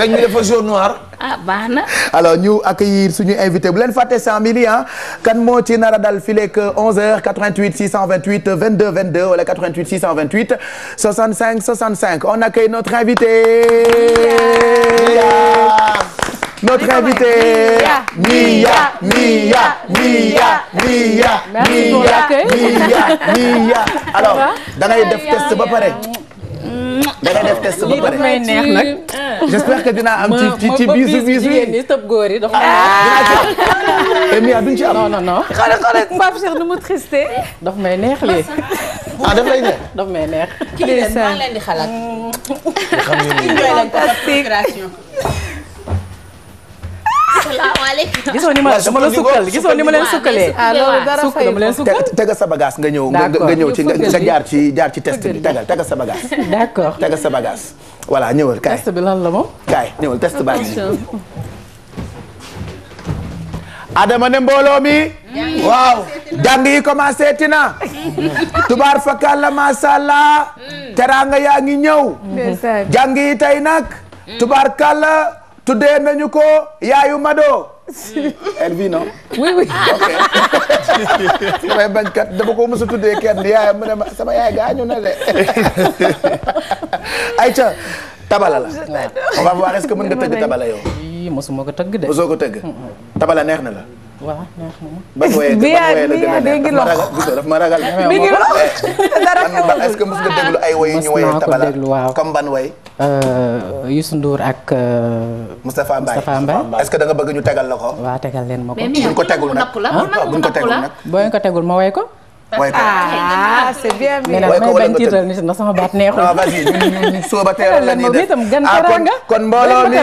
dañ ñu dafa jaune noir. ah na. alors ñu accueillir suñu invité bu leen fàtte 100000 yi ah kan moo ci nar a dal fileeg 11h 88 628 22 22 wala 88 628 65 65 on accueille notre invité. notre invité Mia Mia Mia Mia Mia Mia alors da ngay def test ba pare. da nga def test ba pare lii neex nag. Ah. j'espère que dinaa am ci ci bisu bisu yi ma tëb góor yi dafa ah. ah. duñ ci am non non non. xale xale Pape Cheikh nu mu tristé. daf may neex lii. ah daf lay di xalaat. xam salaamaaleykum. gisoo ni ma dama la sukkal gisoo ni ma leen sukkalee. ah loolu dara sukkal tegal sa bagage nga ñëw. nga ñëw ci nga jaar ci jaar ci test bi tegal tegal sa bagage. d'accord tegal sa bagage. voilà ñëwal kaay test bi lan la moom. kaay Adama ne waaw jàng yi commencé tina. tubaar fakal la macha hmm. teraanga yaa ngi ñëw. jàng yi tubaar kàlla. tuddee nañu ko yaayu Mado. Mm. Elvi non. oui oui ok. damay bañ kat dama ma sama yaay gaañu na de. Aïcha tabala la. on va voir a ce que mën nga tëgg tabala yow. mosuma ko tëgg de. mosoo ko tabala neex na la. waaw neex na ma. ban wooyee ban wooyee daf ma ragal. mi ngi lox eh, dara xewul est-ce que mos nga déglu ay woy yu ñu woyee tabala waaw comme ban way euh, Youssou Ndour ak. Euh, Moustapha Mbaye Moustapha Mbaye est-ce que da nga bëgg ñu tegal la ko. waaw tegal leen ma ko. buñ ko tegul nag ah? buñ ko tegul nag. boo ko tegul ma woy ko. woy ko ah c'est bien. Ah, woy ko wala nga tëdd mais nag sama baat neexul. ah vas-y ñun ñun sooba teel la ñuy def ah, kon mbooloo mi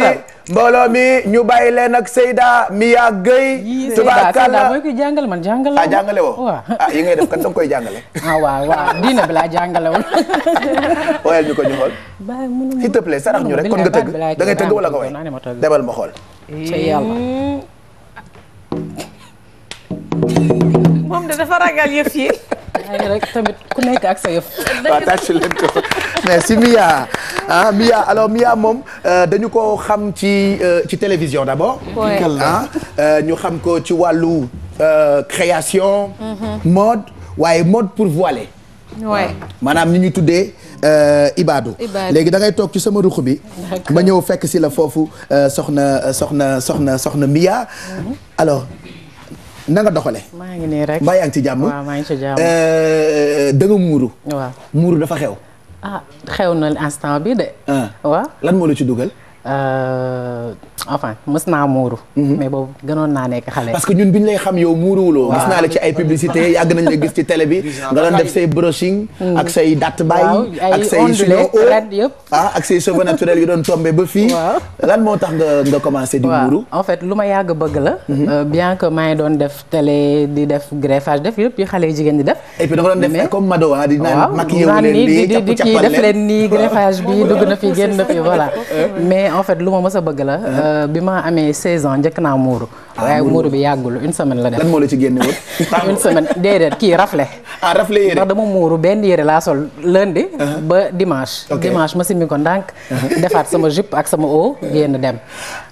mbooloo mi ñu bàyyi leen ak Seyda Mia Gueye. tubaakalla mooy kuy jàngal man jàngal la. ah jàngale woo ah yi ngay def kan da koy jàngale. ah waaw waaw diina bi laa jàngale woon. wayal ñu ko ñu xool. s'il te sarax ñu rek kon nga tëgg da ngay tëgg wala nga way demal ma xool. ca yàlla. moom de dafa ragal yëf yi. tamit ku nekk ak sa yëf. waaw tàcc leen ko merci Mia ah Mia moom euh, dañu ko xam ci euh, ci télévision d'abord. Ah, euh, ñu xam ko ci wàllu création. Mm-hmm. mode waaye mode pour voiler. waaw maanaam ni ñu tuddee Ibadou. léegi da ngay toog ci sama ruq bi. ma ñëw fekk si la foofu soxna soxna soxna soxna Mia mm-hmm. alors. na doxale doxalee. maa ngi nii rek mbaa yaa ngi ci jàmm. waaw maa ngi ci jàmm. Eh, da muuru. waaw muuru dafa xew. ah xew na instant bi de. Ah. waaw lan moo la ci dugal. Euh, enfin mës naa muuru. Mhm. mais boobu gënoon naa nekk xale. parce que ñun bi lay xam yow muuruwuloo. gis naa la ci ay publicité yàgg nañ la ci télé bi. nga doon def say brushing. Mhm. ak say datt bàyyi. ak say chignon haut ah, ak say cheveux naturels yu lu ma yàgg bëgg la. Mhm. Euh, bien que maa ngi doon def télé di def greffage def yëpp yu xale yu jigéen di def. et nga doon def comme Mado ah di leen di di kii def leen nii greffage bi dugg na fi génn na fi voilà mais en la uh-huh. euh, bi ma amee saison njëkk naa muuru. Ah, waaye muuru bi yàggul une semaine la def. lan moo la ci génne woon. une semaine déedéet kii rafle. ah rafle yére ndax dama muuru benn yére laa sol lundi. Ah. ba dimanche. dimanche ma simmi ko ndànk. Ah. defaat sama jupe ak sama o génn dem.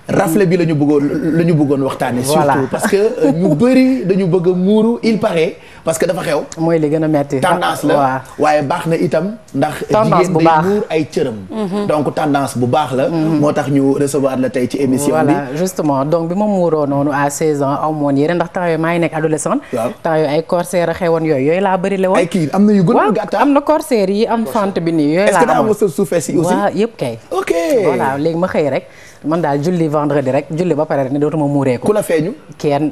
rafle bi la ñu bëggoon la ñu bëggoon waxtaane surtout parce que euh, ñu bëri dañu bëgg a muuru il paraît parce que dafa xew mooy li gën a metti tendance la waaye baax na itam ndax jigéen day muur ay cëram mhm. donc tendance bu baax la mhm. moo tax ñu recevoir la tey ci émission bi voilà justement donc bi ma muuroo noonu à 16 ans aw moon yére ndax temps yooyu maa ngi nekk adolescente waaw temps yooyu ay corsaire a xewoon yooyu yooyu laa bëri la woon ay kii am na yu gën a gàtt ah. am na corsaire yi am fente bi nii yooyu laa amoon yëpp kay ok voilà ma xëy rek man daal julli vendredi rek julli ba pare rek ne dootuma muureeku. ku la feeñu kenn.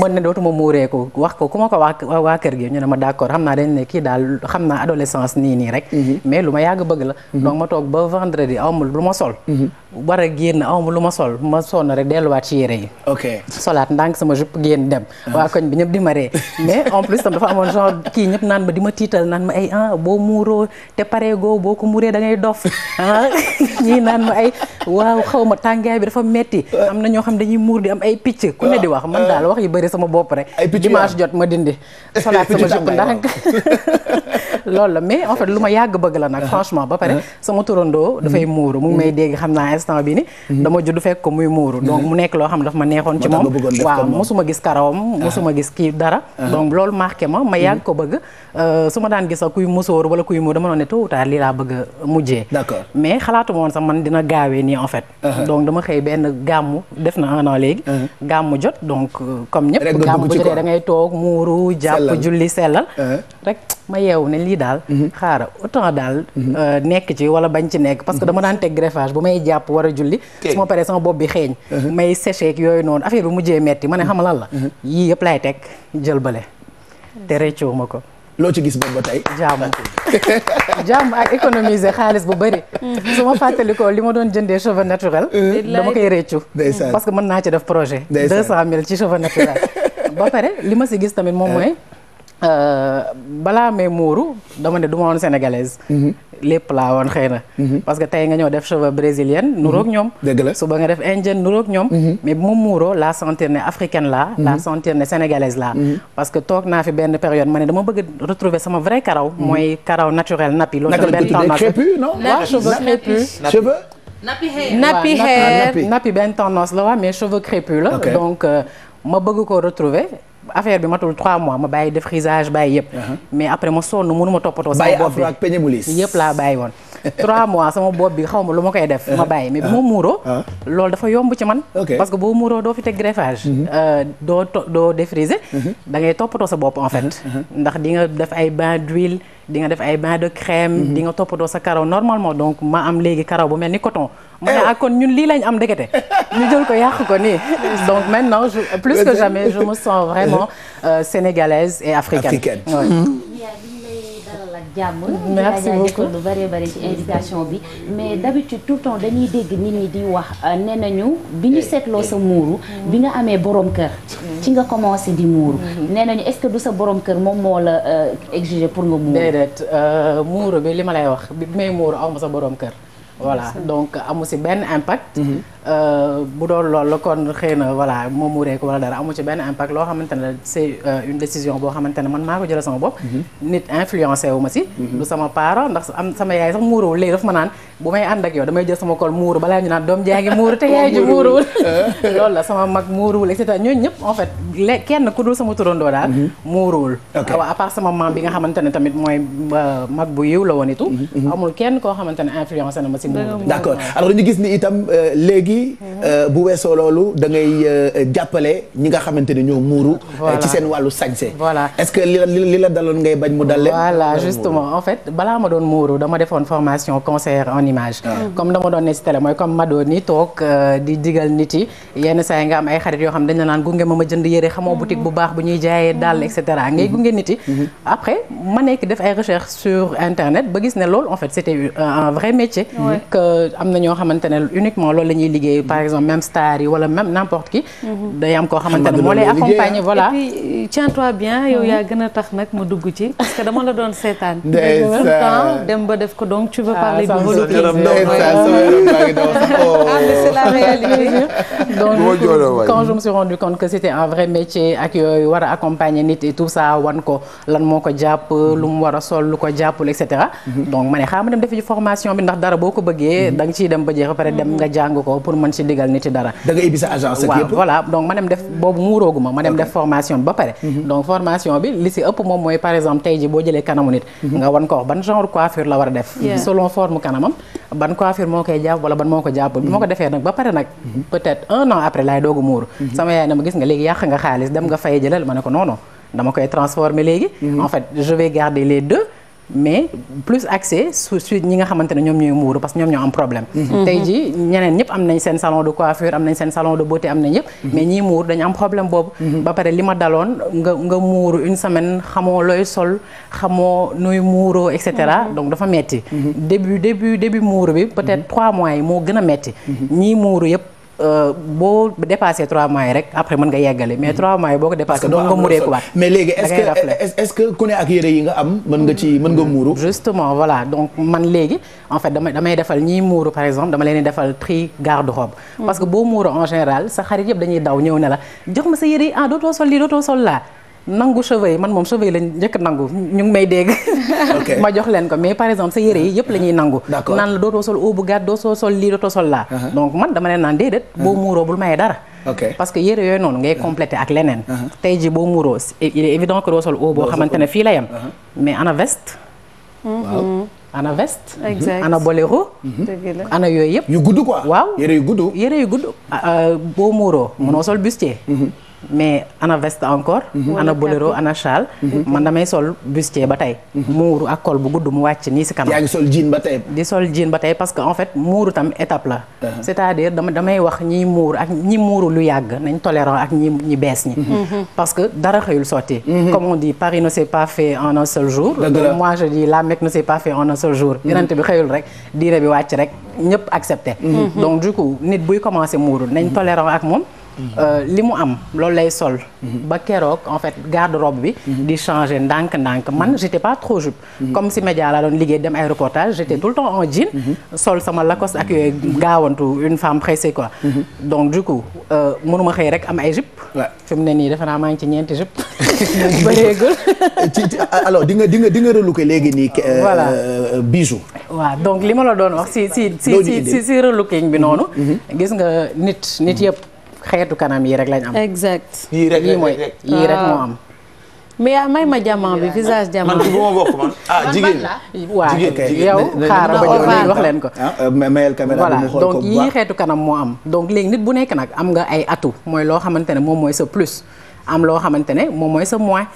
mën ne dootuma muureeku wax ko ku ma ko wax waa kër gi ñu ne ma d'accord xam naa dañ ne kii daal xam naa adolescence nii nii rek. Mhm. mais lu ma yàgg bëgg la. Mhm. donc ma toog ba vendredi aw ma lu ma sol. Mhm. war a génn aw ma lu ma sol ma sonn rek delluwaat ci yére yi. ok solaat ndànk sama jupp génn dem. Ah. waa koñ bi ñëp di ma ree mais en plus tam dafa amoon genre kii ñëpp naan ma di ma tiital naan ma ay ah boo muuroo te pareegoo boo ko muuree da ngay dof ah. waaw xaw ma tàngaay bi dafa metti am na ñoo xam dañuy muur di am ay picc ku ne di wax man daal wax yi bëri sama bopp rek dimanche jot ma dindi solaat sama jupp ndànk loolu la mais lu ma yàgg bëgg la nag ah. franchement ba pare ah. sama turandoo mm-hmm. dafay muuru mu ngi may mm-hmm. dégg xam naa instant bi ni mm-hmm. dama judd fekk ko muy muuru donc mu nekk loo xam daf ma neexoon ci moom waaw mosuma gis karawam ah. mosuma gis kii dara donc loolu marqué ma ma yàgg ko bëgg Euh, su ma daan gis sax kuy musóor wala kuy mu dama noon ne tôt ou tard lii laa bëgg a mujjee d'accord mais xalaatu ma sax man dina gaawee nii en fait uh-huh. donc dama xëy benn gàmmu def na un an léegi uh-huh. gàmmu jot donc euh, comme ñëpp gàmmu bu jotee da ngay toog muuru jàpp julli sellal uh-huh. rek ma yeewu ne lii daal xaara autant daal euh, nekk ci wala bañ ci nekk parce que dama daan teg greffage bu may jàpp war a julli su ma paree sama bopp bi xeeñ may séché yooyu noonu affaire bi mujjee metti ma ne xam lan la yii yëpp laay teg jël bale te ma ko loo ci gis boobu ba tey. jàmm jàmm ak économiser xaalis bu bëri. Mm. su ma fàttalikoo li ma doon jëndee cheveux naturel. Mm. dama koy réccu. parce que mën naa ci def projet. deux cent mille ci cheveux naturel. ba pare li ma si gis tamit moom mooy. Eh. Euh, balaa may muuru dama ne du ma woon sénégalaise. Mhm. lépp laa woon xëy na. Mhm. parce que tey nga ñëw def cheveux brésilienne. Mhm. nuroog ñoom. dëgg la suba nga def indienne nuroog ñoom. mais bu ma muuroo laa sentir ne africaine laa. laa sentir ne sénégalaise laa. parce que toog naa fi benn période ma ne dama bëgg a retrouver sama vrai karaw. mooy karaw naturel nappi. loolu tamit benn temps crépus non waaw ah, benn tendance la waaw mais cheveux crépus la donc euh, ma bëgg ko retrouver affaire bi matul 3 mois ma bàyyi def frisage bàyyi yëpp. Uh-huh. mais après ma sonn mënu ma toppatoo. sama bopp bi ak peñe mu laa bàyyi woon. trois mois sama bopp bi xaw ma lu ma koy def ma ah. bàyyi mais bi ah. ma muuroo ah. loolu dafa yomb ci man parce que boo muuroo doo fi teg greffage mhm. euh, doo doo défriser mhm. da ngay toppatoo sa bopp en fait mhm. ndax di nga def ay bain d'huile di nga def ay bain de crème di nga toppatoo sa karaw normalement donc ma am léegi karaw bu mel ni coton ma ne eh ak kon ñun lii lañ am ndekete ñu jël ko yàq ko nii donc maintenant je, plus que jamais je me sens vraiment euh, sénégalaise et africaine, dalal ak jàmm. merci beaucoup lu bëree bëri ci invitation bi. mais d'habitude tout le temps dañuy dégg nit ñi di wax euh, nee nañu bi ñu eh, seetloo eh. sa muuru. Mm-hmm. bi nga amee borom kër. Mm-hmm. ci nga commencé di muuru. Mm-hmm. nee nañu est-ce que du sa borom kër moom moo la euh, exiger pour nga muuru. déedéet euh, muuru bi li ma lay wax bi may muuru aw ma sa boroom kër. voilà donc amu si benn impact. Mhm. Euh, bu doon loolu la kon xëy na voilà moom mu rek wala dara amu ci benn impact loo xamante ne c'est euh, une décision boo xamante ne man maa ko jëlee sama bopp. Mhm. nit influencé wu ma si. Mhm. sama parent ndax am sama yaay sax muuruwul léegi daf ma naan bu may ànd ak yow damay jël sama kol muuru balaa ñu naan doom jaa muuru te yaay muuruwul. loolu la sama mag muuruwul et cetera ñooñu ñëpp en fait léegi kenn ku dul sama turandoo daal. muuruwul. ok waaw à part sama maam bi nga xamante ne tamit mooy euh, mag bu yiw la woon itam. kenn koo xamante ne influencé d'accord alors ñu gis ni itam euh, léegi euh, bu weesoo loolu da ngay euh, jàppale ñi nga xamante ne ñoo muuru ci seen wàllu sañse voilà est li la li la daloon ngay bañ mu dal leen voilà justement en fait balaa ma doon muuru dama defoon formation concert en image comme dama doon ne si télé mooy comme ma doon ni toog di digal nit yi yenn saa nga am ay xarit yoo xam dañ la naan gunge ma ma jënd yére xamoo boutique bu baax bu ñuy jaayee daal et mm-hmm. ngay gunge nit yi mm-hmm. après ma nekk def ay recherche sur internet ba gis ne loolu en fait c'était un vrai métier donc am na ñoo xamante ne uniquement loolu la ñuy liggéey par exemple même star yi wala même n'importe qui mhm. day am koo xamante ne moo lay accompagner ah. voilà et puis euh, yow mhm. yaa gën a tax nag ma dugg ci parce la doon seetaan dem ba def ko donc tu veux ah, parler du volupté ah, oh. c'est la réalité ak yooyu war a accompagner nit et tout ça wan ko lan moo ko jàpp lu mu war a sol lu ko jàppul et mhm. donc ma ne xaaral dem defi formation bi ndax dara boo ko bëggee mhm. da nga dem ba ba pare dem nga jàng ko pour mën si digal nit dara. da nga sa agence ak yëpp waaw voilà donc ma def boobu muuróogu ma ma def formation ba pare. Mhm. donc formation bi li si ëpp moom mooy par exemple tey ji boo jëlee kanamu nit. Mhm. nga wan ko wax ban genre coiffure la war a def. selon forme kanamam ban coiffure moo koy jàpp bi ma ko defee nag ba pare nag. peut-être un an après laay doogu muuru. sama yaay na gis nga léegi mais plus accès su su ñi nga xamante ne ñoom ñooy muuru parce que ñoom ñoo am problème mm-hmm. tey ji ñeneen ñëpp am nañ seen salon de coiffure am nañ seen salon de beauté am nañ yëpp mm-hmm. mais ñii muuru dañu am problème boobu mm-hmm. ba pare li ma daloon nga nga muuru une semaine xamoo looy sol xamoo nooy muuroo et cetera donc dafa metti début début début muuru bi peut-être trois mois yi moo gën a metti ñii muuru yëpp Euh, boo dépassé 3 mois yi rek après mën nga yeggale mais 3 mhm. mois yi boo ko dépassé doo ko muuree ko waat mais léegi est-ce mm-hmm. man léegi en fait dama damay defal ñii muuru par exemple dama leen di defal tri garde-robe mm-hmm. parce que boo muuru en général sa xarit yëpp dañuy daw ñëw ne la jox ma sa yére yi ah, dootoo sol lii dootoo sol laa nangu cheveux yi man moom cheveux yi lañ njëkk nangu may dégg ma jox leen ko par exemple sa yi yëpp la ñuy nangu naan la dootoo sol bu gàtt dootoo sol lii dootoo sol laa uh-huh. donc man dama leen naan déedéet uh-huh. boo muuroo bul maye dara parce que yére yooyu noonu ngay uh-huh. complété ak leneen tey ji boo muuroo il est évident que doo sol oo boo xamante ne fii la yem mais ana veste waaw ana veste ana boléro mm-hmm. ana yooyu yëpp yu gudd quoi waaw yére yu gudd yére yu gudd euh, boo muuroo mënoo mm-hmm. sol bustier mm-hmm. mais ana veste encore. Mhm. ana boléro ana châle. Mhm. man damay sol bustier ba tey. Mhm. muuru ak col bu gudd mu wàcc nii si kanam. yaa ngi sol jean ba tey. di sol jean ba tey parce que en fait muuru tam étape la. Uh-huh. c'est-à-dire dama damay wax ñiy muur ak ñi muuru lu yàgg nañ tolérant ak ñi ñi bees ñi. parce que dara xëyul sotti. comme on dit Paris ne s'est pas fait un seul jour. moi la Mecque ne s'est pas fait en un seul jour. yonent bi xëyul rek diine bi wàcc rek ñëpp accepté. donc du nit buy commencé muuru nañ tolérant ak moom. Euh, li mu am loolu lay sol. ba keroog en fait garde robe bi. Mhm. di changer ndànk-ndànk man mhm. j'étais pas trop jupe. Mhm. comme si média laa doon liggéey dem ay reportage j'étais tout le temps en jean. sol sama lacoste ak yooyu gaawantu une femme pressée quoi. donc du coup euh, mënuma xëy rek am ay jupe. waaw ne nii defe naa maa ngi ci ñeenti jupe. bëreegul. di nga di nga di nga relooké léegi nii. Euh, voilà bijou. waaw donc li ma la doon wax si si si si si relooking bi noonu. gis nga nit nit yëpp. xeetu kanam yi rek lañ am. exact yii rek mooy yii rek ah. moo am. mais yaa ah, may ma diamant bi visage diamant. man du jigéen waaw yow xaaral wax leen ko. Ah, euh, mayel caméra bi donc yii xeetu kanam moo am. donc léegi nit bu nekk nag am nga ay atu mooy loo xamante ne moom mooy sa plus. am loo xamante ne moom mooy sa moins.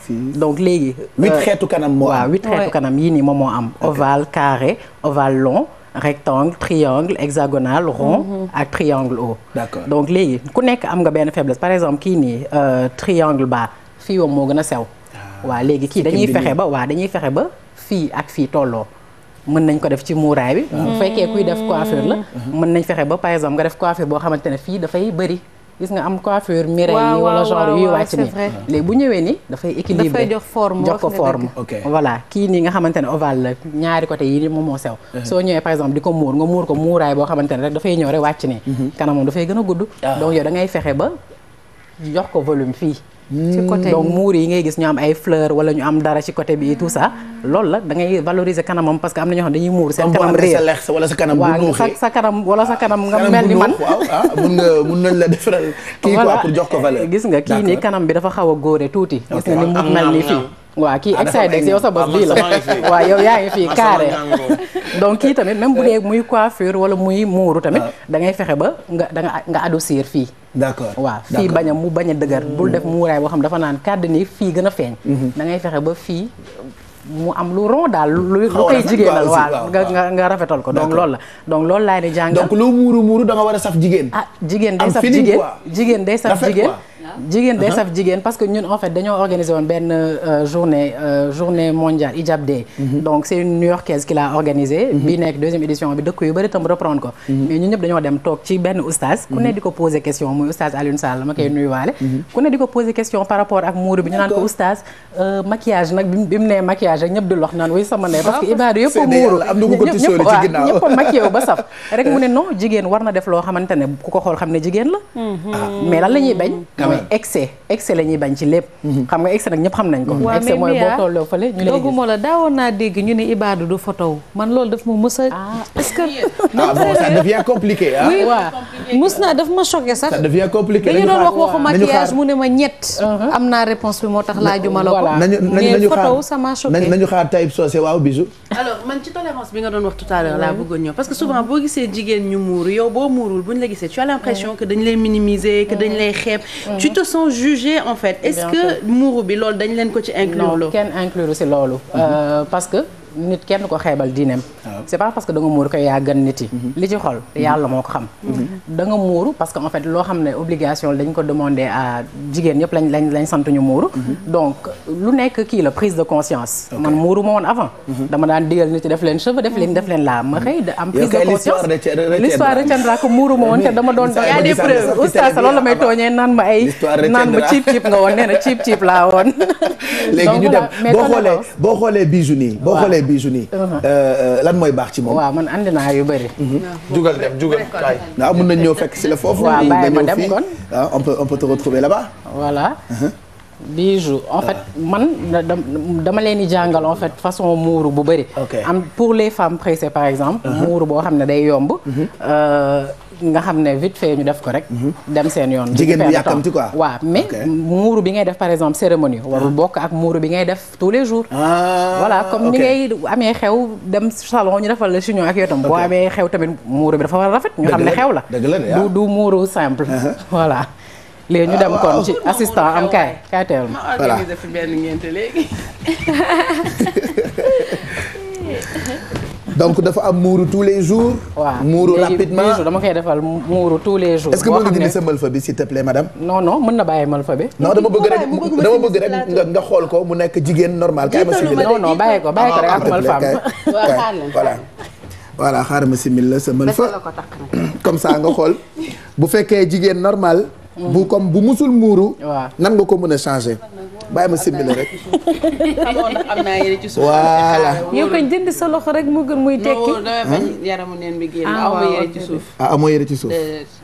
donc léegi. huit euh, xeetu kanam moo am waaw xeetu kanam yii nii moom moo am. ovale carré oval long. rectangle triangle hexagonal rond mhm. ak triangle haut donc léegi ku nekk am nga benn faiblesse par exemple kii nii euh, triangle bas fii woom moo gën a sew ah. waa léegi kii dañuy fexe ba waa dañuy fexe ba fii ak fii tolloo mën nañ ko def ci muuraay bi bu mm. fekkee kuy def coiffure la mm. mën nañ fexe ba par exemple nga def coiffure boo xamante ne fii dafay bëri gis nga am coiffure mireille yi wala genre yuy wàcc ni léegi bu ñëwee ni dafay équilibré jox forme jox ko forme kii nii nga xamante ne ovale la ñaari côté yi moom moo sew uh-huh. soo ñëwee par exemple di ko muur nga muur ko muuraay boo xamante ne rek dafay ñëw rek wàcc ne uh-huh. kanam moom dafay gën a gudd ah. donc yow da ngay fexe ba jox ko volume fii ci hmm, côté donc muur yi ngay gis ñu am ay fleur wala ñu am dara ci côté bi tout ça loolu la da ngay valoriser kanamam parce que am na ñoo xam dañuy muur seen kanam réer wala sa kanam waaw sa kanam wala sa kanam nga mel ni man ah, mun na mun nañ la defaral kii quoi pour jox ko valeur gis nga kii nii kanam bi dafa xaw a góore tuuti gis nga ni mu mel ni fii waaw kii excidex yow sa bopp bii la waa yow yaa ngi fii carré donc kii tamit même bu dee muy coiffure wala muy muuru tamit ah. da ngay fexe ba nga da nga adoucir fii d'accord waaw fii bañ a mu bañ a dëgër bul def mm-hmm. muuraay boo xam dafa naan kàdd nii fii gën a feeñ mm-hmm. da fexe ba fii mu am lu rond daal lu koy jigéenal waaw nga nga rafetal ko donc loolu la donc loolu laay ni jàngal donc loo muuru muuru da war a saf jigéen a ah, jigéen day saf jigéen jigéen day saf jigéen jigéen day saf jigéen parce que ñun en fait dañoo organisé woon benn euh, journée euh, journée mondiale Hijab Day mhm. donc c' une new yorkaise qui l'a organisé mhm. bi nekk deuxième édition bi dëkk yu bëri tam reprendre ko mhm. mais ñun ñëpp dañoo dem toog ci benn oustaz ku ne di ko posé question muy oustaz Alioune Sall ma koy nuyuwaale ku ne di ko posé question par rapport ak muuru bi ñu naan ko oustaz euh, maquillage nag bi mu nee maquillage rek ñëpp dul wax naan wuy sama ah, a muuru ñëpp a maquillé ba saf rek mu ne na def loo xamante ne ku ko xool xam ne jigéen la ah, excès excès la ñuy bañ ci lépp mhm. xam nga excès nag ñëpp xam nañ ko excès mooy boo tolloo fële ñu daawoon naa dégg ñu ne Ibadou du photo man loolu daf ma mës a ah. est-ce que ah bon ça devient compliqué ah ma choqué sax ça devient mu ne ma ñett uh-huh. am naa réponse bi moo tax laaju ma la ko mais photo sama choqué nañu xaar Taïb Socé waaw bisou alors man ci tolérance bi nga doon wax tout à l'heure laa bëggoon ñëw parce que souvent boo gisee jigéen ñu muuru yow boo muurul bu ñu la gisee tu as l'impression que dañ lay minimiser que dañ lay xeeb tu te sens jugé en fait est-ce que muuru bi loolu dañ leen ko ci inclure non kenn inclure si loolu mhm. euh, que nit kenn ko xeebal diineem c'est pas parce que da nga muuru ko yaa gën nit yi mhm. li ci xol mhm. yàlla moo ko xam mhm. da muuru parce que en fait loo xam ne obligation dañ ko demander à jigéen ñëpp lañ lañ sant ñu muuru donc lu nekk kii la prise de conscience man muuru ma woon avant dama daan digal nit yi def leen cheveux def leen laa ma xëy da am prise de conscience l'histoire retiendra ma woon te dama doon y a des preuves oustaz loolu may tooñee naan ma ay naan ma ciip ciip nga woon nee ciip ciip laa woon boo xoolee boo joxee bisu nii. Uh-huh. Euh, euh, lan mooy baax ci moom. waaw man andi yu bëri. Mhm. Mm-hmm. jugal dem jugal waaw mën nañ ñëw fekk si la foofu. waaw bàyyi ma dem kon ah, on peut on peut te retrouver là-bas. voilà. Uh-huh. en fait ah. man dama leen di jàngal en fait façon muuru bu bëri. am pour les femmes pressées par exemple. Uh-huh. muuru boo xam ne day yomb. Euh, nga xam ne vite fait ñu def ko rek. Mhm. dem seen yoon. jigéen bi yàkkamti quoi waaw mais muuru bi ngay def par exemple cérémonie ah. warul bokk ak muuru bi ngay def tous les jours. Ah, voilà comme ni ngay amee xew dem salon ñu defal la chignon ak yow tam boo amee xew tamit muuru bi dafa war a rafet. ñu xam ne xew la du ah. du muuru simple. Uh-huh. voilà léegi ñu dem kon oh. ci assistant am kaay kaay teel ma. voilà donc dafa am muuru tous les jours. waaw muuru rapidement dama koy defal muuru tous les jours. est-ce que mën nga dindi sa mëlfa bi s'il te plaît madame. non non mën na bàyyi mëlfa bi. non dama bëgg rek dama bëgg rek nga nga xool ko mu nekk jigéen normal. kay ma simil non non bàyyi ko bàyyi ko rek ak voilà voilà xaaral ma simil la sa mëlfa. comme ça nga xool bu fekkee jigéen normal. Mm. bu comme bu musul muuru. nan nga ko mën a changer. bàyyi ma simbi la rek. amoon na am naa yére ci suuf. voilà yow koy jënd sa loxo rek mu gën muy tekki. damay bañ yaramu neen bi génn. ah waaw yére ci suuf. ah amoo yére ci suuf.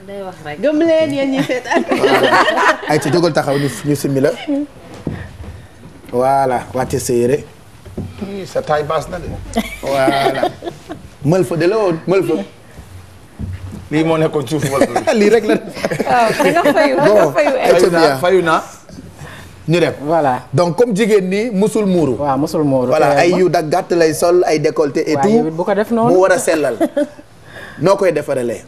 day wax rek. gëm leen yéen ñi seet ak. ay ci jógal taxaw ñu simbi la. voilà wàcce sa yére. sa taay baas na de. voilà. mël fa de la woon mël fa. lii moo nekkoon suuf mël fa. lii rek la. waaw ah, da nga fayu da nga fayu. fayu naa fayu naa. ñu dem voilà donc comme jigéen nii musul muuru. waaw musul muuru voilà ay yu dag gàtt lay sol ay décolleté et bu ko def noonu mu war a sellal noo koy defaralee.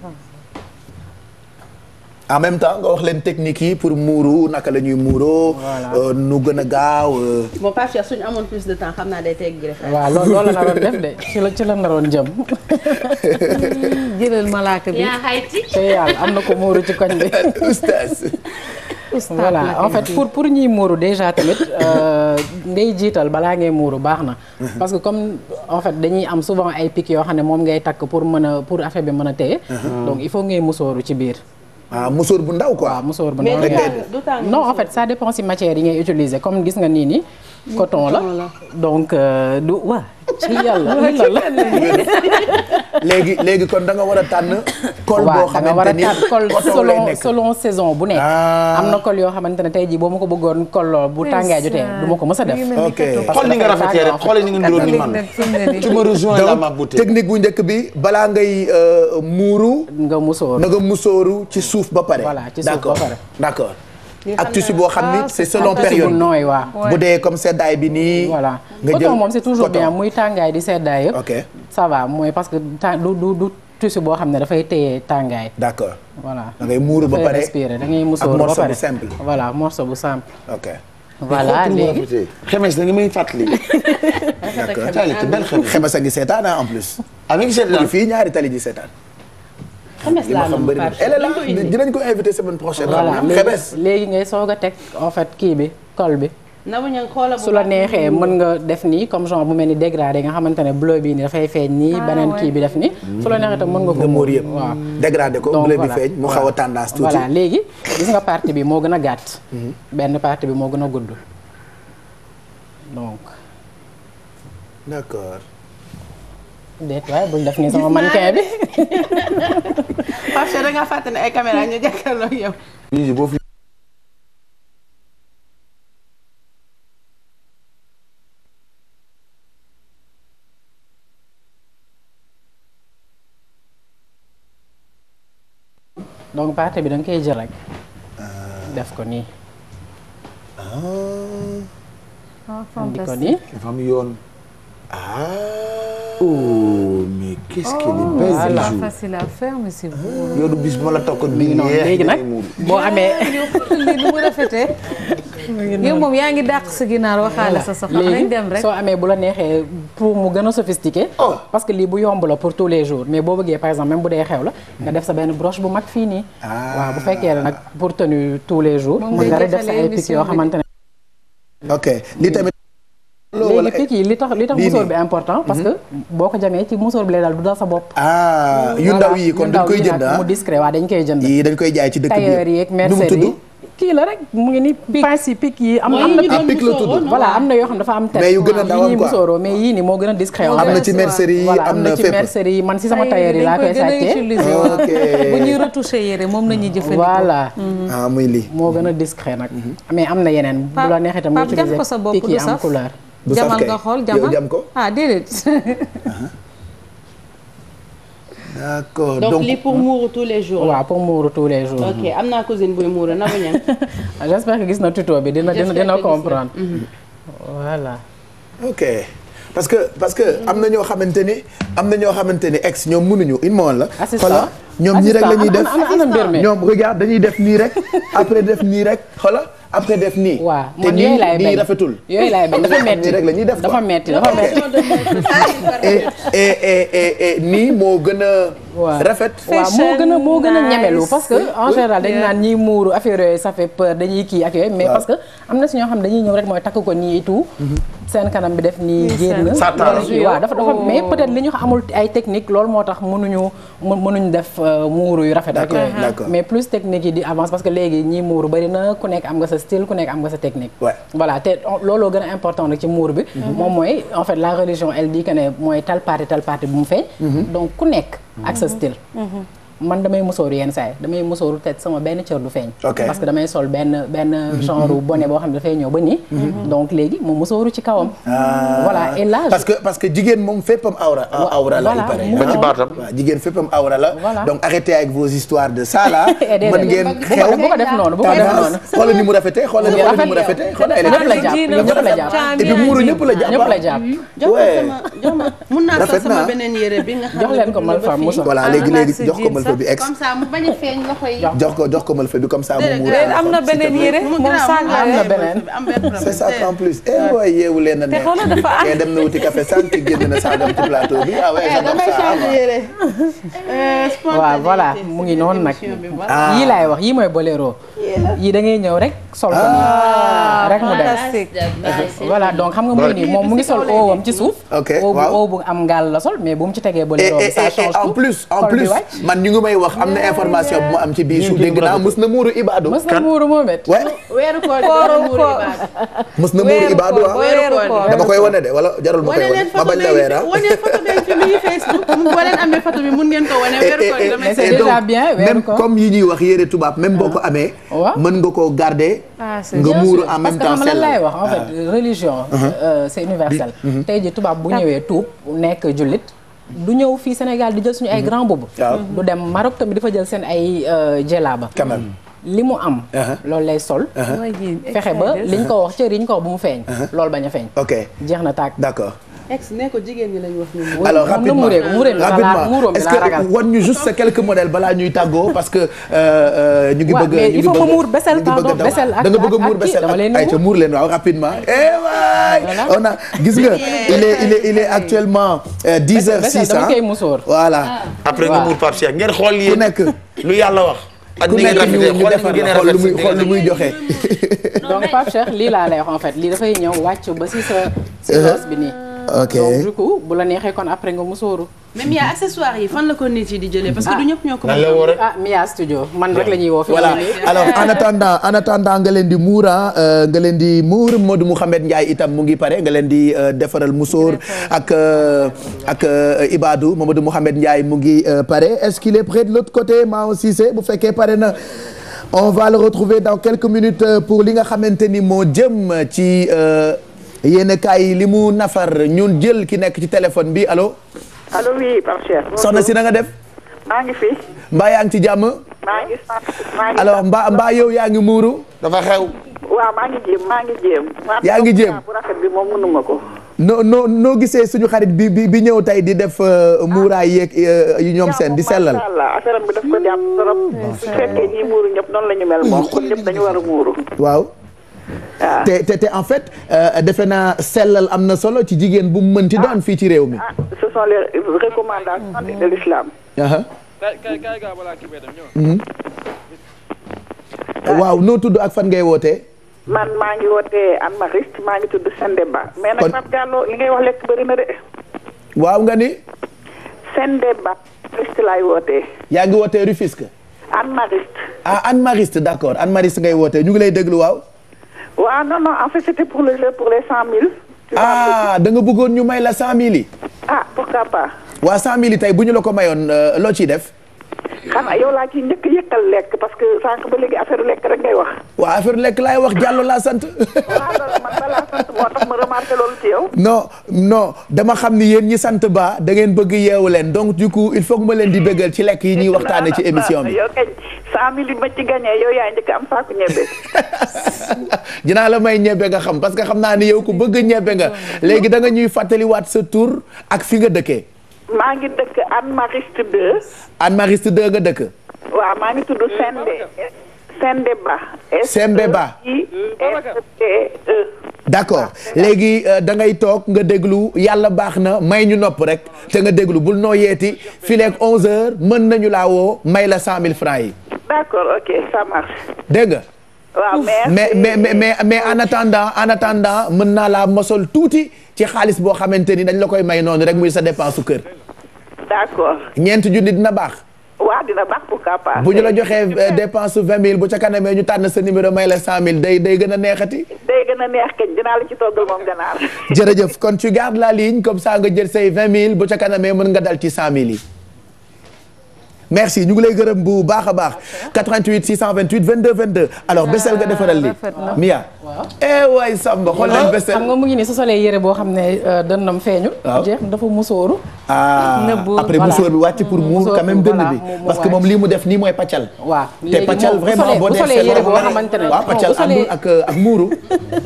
en même temps nga wax leen technique yi pour muuru naka la ñuy muuroo. Euh, nu gën a gaaw. Euh. bon Pape Cheikh amoon plus de temps xam naa day teg greffe. waaw loolu loolu la naroon def de ci la ci la naroon jëm. jëlal malaaka bi te yàlla am na ko muuru ci koñ bi. voilà en fait pour pour ñuy muuru déjà tamit euh, ngay jiital balaa ngay muuru baax na. Mhm. parce que comme en fait dañuy am souvent ay pic yoo xam ne moom ngay takk pour mën a pour affaire bi mën a téye. Mhm. Ah. donc il faut ngay musóoru ci biir. ah musóor bu ndaw ko waaw ah, musóor bu ndaw mais en fait ça dépend si matière yi ngay utiliser comme gis nga nii nii. coton la donc euh, du waaw. ci yàlla léegi léegi kon da nga war a tànn. col boo xamante ni selon selon saison bu nekk. Ah. am na col yoo xamante ne tey jii boo ma ko bëggoon col bu tàngaay jotee ah. du ma ko mësa def. ok xool ni nga rafetee rek xool ni nga niróo ni man. tu me rejoins la ma technique bu njëkk bi balaa ngay euh, muuru. nga musóoru nga musóoru ci suuf ba pare. voilà ci suuf ba pare ak tissu boo xam ni c'est selon période nooy bu dee comme seddaay bi nii voilà nga jël moom c'est toujours bien muy tàngaay di seddaay yëpp ok ça va mooy parce que du du du tissu boo xam ne dafay téye tàngaay d'accord voilà da ngay muuru ba pare respirer da ngay musóor ba pare morceau bu simple voilà morceau bu simple ok voilà léegi xemes na nga may fàttali. d'accord bel xemes a ngi seetaan ah, en plus. ah mi ngi seetaan fii ñaari tali ji seetaan. xemes laa xam bëri na dinañ ko invité semaine prochaine. voilà léegi ngay soog a teg en fait kii bi col bi. su la neexee mën nga def nii comme genre bu mel ni dégradé nga xamante ne bleu bii nii dafay feeñ nii ah, beneen kii bi def nii. su la neexee itam mën nga ko muur yëpp waaw dégradé ko bleu bi feeñ mu xaw a tendance tuuti voilà léegi gis nga partie bi moo gën a gàtt. Mhm. benn partie bi moo gën a gudd donc. déet waaye def ni sama mannequin bi. parce que da ngaa fàtte ne ay caméra ñu jàkkaarloo yow. lii boo fi. donc partie bi da nga koy jël rek. Euh. def ko ni ah. ah ko nii. dafa am oh mais qu'est-ce qu'elle est belle oh, voilà c'est facile à faire mais la tokkoon bii non léegi nag boo amee. lii nu mu rafetee. yow moom yaa ngi dàq sa ginaar waxaale sa soxla nañ dem rek soo amee bu la neexee pour mu gën a sophistiqué. Oh. parce que li bu yomb la pour tous les jours mais boo bëggee par exemple même bu dee xew nga def sa benn broche bu mag fii nii. Ah. waaw bu fekkee nag pour tenue tous les jours. mu nga def sa ay pic yoo xamante ne. léegi picc yi li tax li tax musóor bi important parce que mhm. boo ko jamee ci musóor bi lay daal du dal sa bopp ah yu ndaw yi kon ah. dañ koy jënd mu discret waaw dañ koy jënd yi dañ koy jaay ci dëkk bi tailleur yeeg mercerie yi kii ni pince yi pic yi am am am na yoo xam dafa am yu gën a ndaw yi mais yii ni moo gën a discret am na ci mercerie yi am na ci mercerie yi man si sama tailleur yi laa koy sàccee ok yére moom la ñuy jëfandikoo voilà hmm. ah muy lii moo gën a discret nag mhm. mais am na yeneen bu la neexee tam nga utiliser pic yi am couleur du saf kay nga xool jamal yow jam ko ah déedéet. d'accord donc lii pour muuru tous les jours. waaw pour muuru tous les jours. ok am naa cousine buy muuru na bu ñam. j'espère que gis na tuto bi dina dina dina comprendre. Mhm. voilà. ok parce que parce que am na ñoo xamante ni am na ñoo xamante ni ex ñoom mënuñu une moon la. assistant ñoom nii rek la ñuy def ñoom regarde dañuy def nii rek après def nii rek xoola après def nii. waaw man yooyu laay bañ rafetul. yooyu laay bañ dafa metti rek la ñuy def dafa metti dafa metti. nii moo gën a. rafet. waaw moo gën a moo gën a ñemelu parce que en général dañu naan ñiy muuru affaire yooyu ça fait peur dañuy kii ak yooyu. mais parce que am na si ñoo xam dañuy ñëw rek mooy takk ko nii et tout. Mm-hmm. seen kanam bi def nii génn waaw dafa dafa oh. mais peut li ñu amul ay technique lool moo tax mënuñu mënuñu def euh, muuru yu rafet ak yooyu mais plus technique yi di avance parce que léegi ñi muuru bari na ku nekk am nga sa style ku nekk am nga sa technique voilà te looloo gën a important ci muur bi mhm. moom mooy en fait la religion elle dit que ne mooy tal parti tal parti bu mu feeñ mhm. donc ku nekk ak sa mhm. style man damay musóoru yenn saay damay musóoru te sama benn cër du feeñ parce que damay sol benn benn genre bonnet boo xam ne dafay ñëw ba nii mhm. Mhm. donc léegi mu musóoru ci kawam ah. voilà et là parce que parce que jigéen moom féppam awra awra la pareil la donc arrêtez avec vos histoires de ça là mën ngeen xew bu ko def noonu bu ko def noonu xoolal ni mu rafetee xoolal ni mu rafetee xoolal ñëpp la jàpp et puis muuru ñëpp la jàpp ñëpp la léegi léegi jox ko micro bi ex comme ça mu bañ ko jox ko mal fa du comme am na beneen yére moom sànq am na beneen. c'est ça eh, leen a nekk. te xoolal dafa am eh, dem na wuti café bi. ah waaye eh, waaw euh, voilà mu ngi noonu nag. Ah. yii laay wax yii mooy boléro. yii da ngay ñëw rek sol ko nii ah, rek mu dem. voilà donc xam nga muy nii moom mu ngi sol oowam ci suuf. ok waaw oow am ngaal la sol mais bu mu ci tegee boléro bi ça change tout. en plus en plus man ñu lu may wax am na information bu ma am ci biir suuf dégg naa mës na muuru ibaadu. mës na muuru moom it. weeru koor mës na muuru ibaadu ah. waaw. dama koy wane de wala jarul ma koy wane ma bañ la weer ah. wane photo bi ci biir Facebook boo leen amee photo bi mun ngeen ko wane eh, weeru eh, koor yi eh, damay. c'est déjà bien weeru koor comme yi ñuy wax yére tubaab même boo ah. ko amee. mën nga koo garder. Ah, nga muuru en même temps parce que xam lay wax en fait religion. Uh-huh. Euh, c'est universel. Mm-hmm. tey ji tubaab bu ñëwee tuub nekk jullit du ñëw fii Sénégal di jël suñu ay mhm. grand boobu mhm. du dem Maroc tamit dafa jël seen ay euh, jelaaba mhm. li mu am uh-huh. loolu lay sol uh-huh. fexe ba liñ ko wax cër yi ñu ko wax bu mu feeñ uh-huh. loolu bañ a feeñ ok jeex na tàkk d'accord ex ne ko jigéen ñi lañ wax ñu. alors rapidement rapidement est-ce que wan ñu juste quelques modèles balaa ñuy tàggoo parce que. Euh, euh, ñu ngi bëgg a ñu ngi bëgg a muur besel pardon besel da nga bëgg a muur besel ak ayca leen waaw rapidement. eh waay on a gis nga il est actuellement 10 euh, heures 6 ah voilà. après nga muur Pape Cheikh ngeen xool yéen ku nekk lu yàlla wax. ak ni ngeen rafetee xool lu muy lu muy joxe. donc Pape lii laa lay wax fait lii dafay ñëw wàcc ba si sa. si uh-huh. bi ok donc du coup bu la neexee kon après nga musóoru. mais Mia accessoire yi fan la ko nit yi di jëlee. parce que du ñëpp ñoo ko. nan la woo rek ah studio man rek la ñuy woo. voilà alors en attendant nga leen di muur euh, nga leen di muur Modou Mouhamed Ndiaye itam mu ngi pare nga leen di euh, defaral musóor ak euh, ak Ibadou Mamadou Mouhamed Ndiaye mu ngi pare est-ce qu'il est prêt de l'autre côté Mao Cissé bu fekkee pare na. on va le retrouver dans quelques minutes ni moo jëm ci. yéen kaay yi li mu nafar ñu jël ki nekk ci téléphone bi alo allo oui soxna si na def. maa mbaa yaa ngi ci jàmm. alo ngi mbaa yow yaa ngi muuru. dafa xew. waaw ngi jéem maa ngi jéem. yaa ngi jéem bu rafet bi moom mënuma ko. noo noo gisee suñu xarit bi bi ñëw tey di def euh, muuraay yeeg euh, ñoom seen di sellal. affaire bi daf ko jàpp trop. bu hmm. fekkee ñi muuru ñëpp noonu la ñu mel moom ñëpp dañu war a muuru. waaw. Ah. te te en fait euh, defe na sellal am na solo ci jigéen bu mu mënti doon ah. fii ci réew mi. Ah, ce sont les mhm. waaw noo tudd ak fan ngay woote man maa ngi wootee Anne maa ngi tudd Sendé Ba. mais nag Pape Diallo li ngay wax lekk bëri de. waaw nga ni. Sendé Ba. Mariste laay yaa ngi wootee Rufisque. Anne Mariste. ah Anne Mariste d'accord Anne ngay wootee ñu ngi lay déglu waaw. waaw non non en fait c'était pour le pour les 100 000. ah da nga bëggoon ñu may la cent 000 yi. pour ah, pourquoi pas. waa 100 000 yi tey bu ñu la ko mayoon euh, loo ciy def. xanaa yow laa ci njëkk yëkkal lekk parce que sànq ba léegi affaire lekk rek ngay wax. waaw affaire lekk laay wax Diallo laa sant. waaw balaa sant moo tax ma remarqué loolu ci yow. no no dama xam ni yéen ñi sant ba da ngeen bëgg yeewu leen donc du coup il faut ma leen di bëggal ci lekk yi ñuy waxtaanee ci émission bi. yow kañ cent mille ma ci gagné yow yaa njëkk am saako ñebe. dinaa la may ñebe nga xam parce que xam naa ni yow ko bëgg ñebe nga. léegi da nga ñuy fàttaliwaat sa tur ak fi nga dëkkee. Anne Marie si nga dëkk. waaw maa ngi tudd Sende. Ba. Sende Ba. E e. d'accord léegi euh, dangay toog nga déglu yàlla baax na may ñu nopp rek te nga déglu bul noo yeeti fileeg 11h mën nañu laa woo may la mille francs yi. d'accord ok ça marche. dégg nga. waaw mais mais mais en attendant en attendant mën naa laa mosol tuuti ci xaalis boo xamante ni dañ la koy may noonu rek muy sa dépense su kër. d'accord. ñeenti junni dina baax. waaw dina baax pourquoi pas. bu ñu la joxee euh, dépense su vingt mille bu ca kanamee ñu tànn sa numéro may la cent mille day day gën a neexati. day gën a neex kañ dinaa la ci toggal moom ganaar. jërëjëf kon tu gardes la ligne comme ça nga jël say vingt mille bu ca kanamee mën nga dal ci cent mille yi. merci ñu ngi lay gërëm bu baax a baax. 88 628 22 22. alors ah, bésal nga defaral li Mia. waaw eh waay Samba xool leen bésal. xam nga mu ngi nii su solee yére boo xam ne euh, dënnam feeñul. waaw jeex dafa musóoru. Ah, nëbb après musóor bi wàcc pour muur quand même dënn bi. parce que moom lii mu def nii mooy pàccal. waaw te pàccal vraiment boo dee. bu solee yére boo xamante ne waaw pàccal àndul ak euh, ak muuru.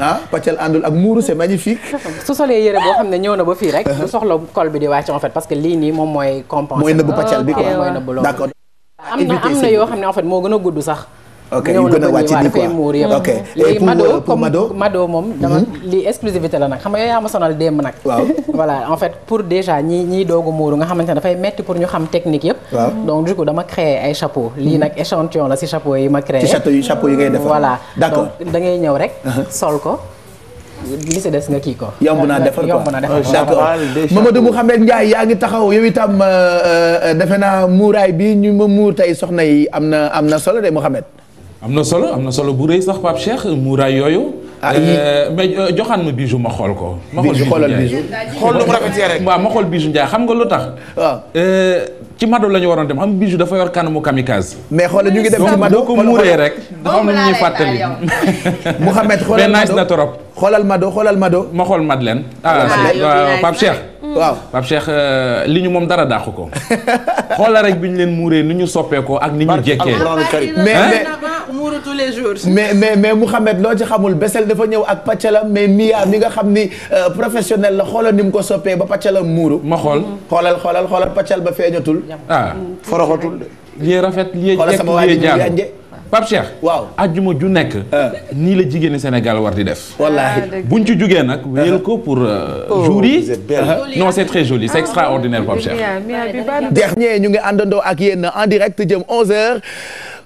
ah pàccal àndul ak muuru c'est magnifique. su solee yére boo xam ne ñëw na ba fii rek. du soxla col bi di wàcc en fait parce que lii nii moom mooy compense mooy nëbb pàccal bi quoi am na am na yoo xam ne en fait moo gën a gudd sax. ok yu gën a wàcc nii quoi muur yëpp. ok et pour pour Mado moom. Mhm. dama li exclusivité la nag xam nga yaa ma sonal démb nag. waaw voilà en fait pour déjà ñi ñiy doogu muuru nga xamante ne dafay metti pour ñu xam technique yëpp. waaw donc du coup dama créé ay chapeau lii mhm. nag échantillon la si chapeau yi ma créé. ci chapeau yi chapeau yi ngay defar. voilà donc da ngay ñëw rek sol ko. li si des nga kii ko. yomb naa defar ko yomb naa defar ko d'accord Mamadou Mouhamed Ndiaye yaa ngi taxaw yow itam euh, euh, defe naa muuraay bi ñu ma muur tey soxna yi am na am na solo de Mouhamed. am na solo am na solo bu rëy sax Pape Cheikh muuraay yooyu. ah euh, mais euh, joxaan ma bijou ma xool ko. ma xool bijou xoolal rek. waaw ma xool bijou Ndiaye xam nga lu tax. waaw ah. euh, ci Mado la ñu waroon dem xam bijou dafa yor kanamu kamikaze. mais xoolal ñu ngi dem ci Mado boo ko muuree rek. dafa am lu ñuy fàttali. Mouhamed xoolal na trop. xoolal Mado xoolal Mado. ma xool Madeleine. ah Pape Cheikh. waaw li ñu moom dara dàqu ko. xoola rek bi ñu leen muuree ni ñu soppeekoo ak ni ñu jekkee. mais mais tous mais mais mais Mouhamed loo ci xamul Bessél dafa ñëw ak pàccalam mais Mia mi nga xam ni euh, professionnel la xoolal ni mu ko soppee ba pàccalam muuru. ma xool xoolal xoolal xoolal pàccal ba feeñatul. ah mm. foroxatul de. rafet lii jekk lii jàng Pape waaw ajjuma ju nekk. Ah. nii la jigéeni Sénégal war di def. wallaahi ah, buñ ci jugee nag. Ah. wéyal ko pour euh, oh, jour yi. non c'est très joli c'est extraordinaire Pape dernier ñu ngi àndandoo ak yéen en direct jëm 11h.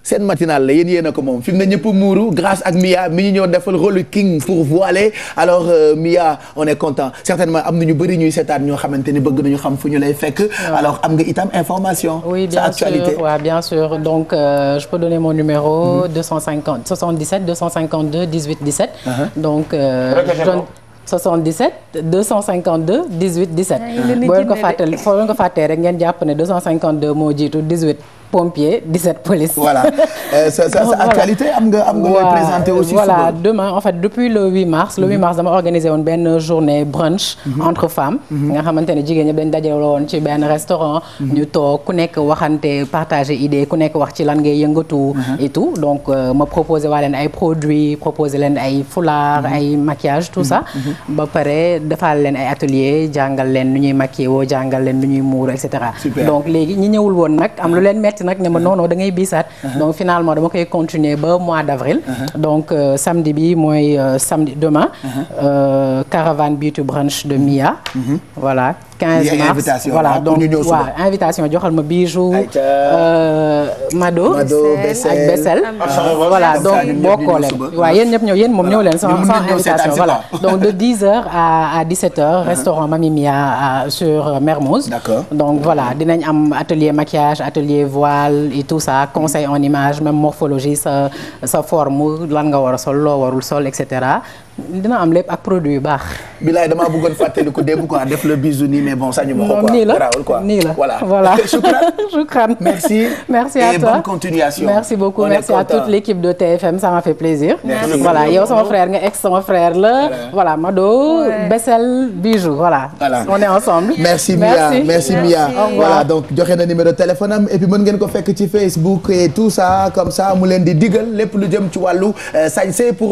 seen matinale la yéen yéen a ko moom fi mu ne ñëpp muuru grâce ak Mia mi ñu ñëw defal rôle king pour voiler alors euh, Mia on est content certainement am na ñu bëri ñuy seetaan ñoo xamante ni bëgg nañu xam fu ñu lay fekk. alors am nga itam information. oui bien sûr waaw bien sûr donc euh, je peux donner mon numéro. 250 77 252 18 17. donc euh, je 77 252 18 17. ko fàttee rek ngeen jàpp ne 252 moo jiitu 18. pompiers 17 police. Euh, voilà actualité am nga am nga looy présenté aussi. voilà demain en fait depuis le 8 mars. le 8 mhm. mars dama organisé woon benn journée brunch. Mhm. entre femmes. Mhm. nga xamante ne jigéen ñi dañu dajale woon ci benn restaurant. ñu toog ku nekk waxante partager idée ku nekk wax ci lan ngay yëngatu. et tout donc euh, ma proposé waa leen ay produits proposé leen ay foulard ay maquillage tout sax ba pare defal leen ay atelier jàngal leen nu ñuy maquillé woo jàngal leen nu ñuy muur et nag ne ma non non da ngay biisaat uh-huh. donc finalement dama koy continuer ba mois d' uh-huh. donc euh, samedi bi mooy euh, samedi demain uh-huh. euh, caravane Beauty brunch de Mia mm-hmm. voilà 15 mars invitation voilà donc waaw invitation joxal ma bijou Mado ak Bessel ah, voilà donc bokkoo leen waaw yéen ñëpp ñëw yéen moom ñëw leen sans invitation voilà donc de 10 heures à à 17 heures restaurant Mamimia sur Mermoz donc voilà dinañ am atelier maquillage voile et tout ça conseil en image même morphologie sa sa forme lan nga war a sol loo warul sol et cetera dina am lépp ak produit yu baax. bilaay damaa bëggoon fàttali ko démb quoi def le bisou nii mais bon sañu ma ko. nii la quoi nii la voilà. voilà shukran merci. merci à toi et bonne merci à toute l'équipe de TFM ça m'a fait plaisir. Merci. voilà yow sama frère nga ex sama frère la. voilà Mado Bessel Bijou voilà. on est ensemble. merci Mia merci voilà donc joxe na numéro téléphone am et puis ko fekk ci Facebook et tout ça comme ça mu di digal lépp lu jëm ci wàllu euh, sañse pour.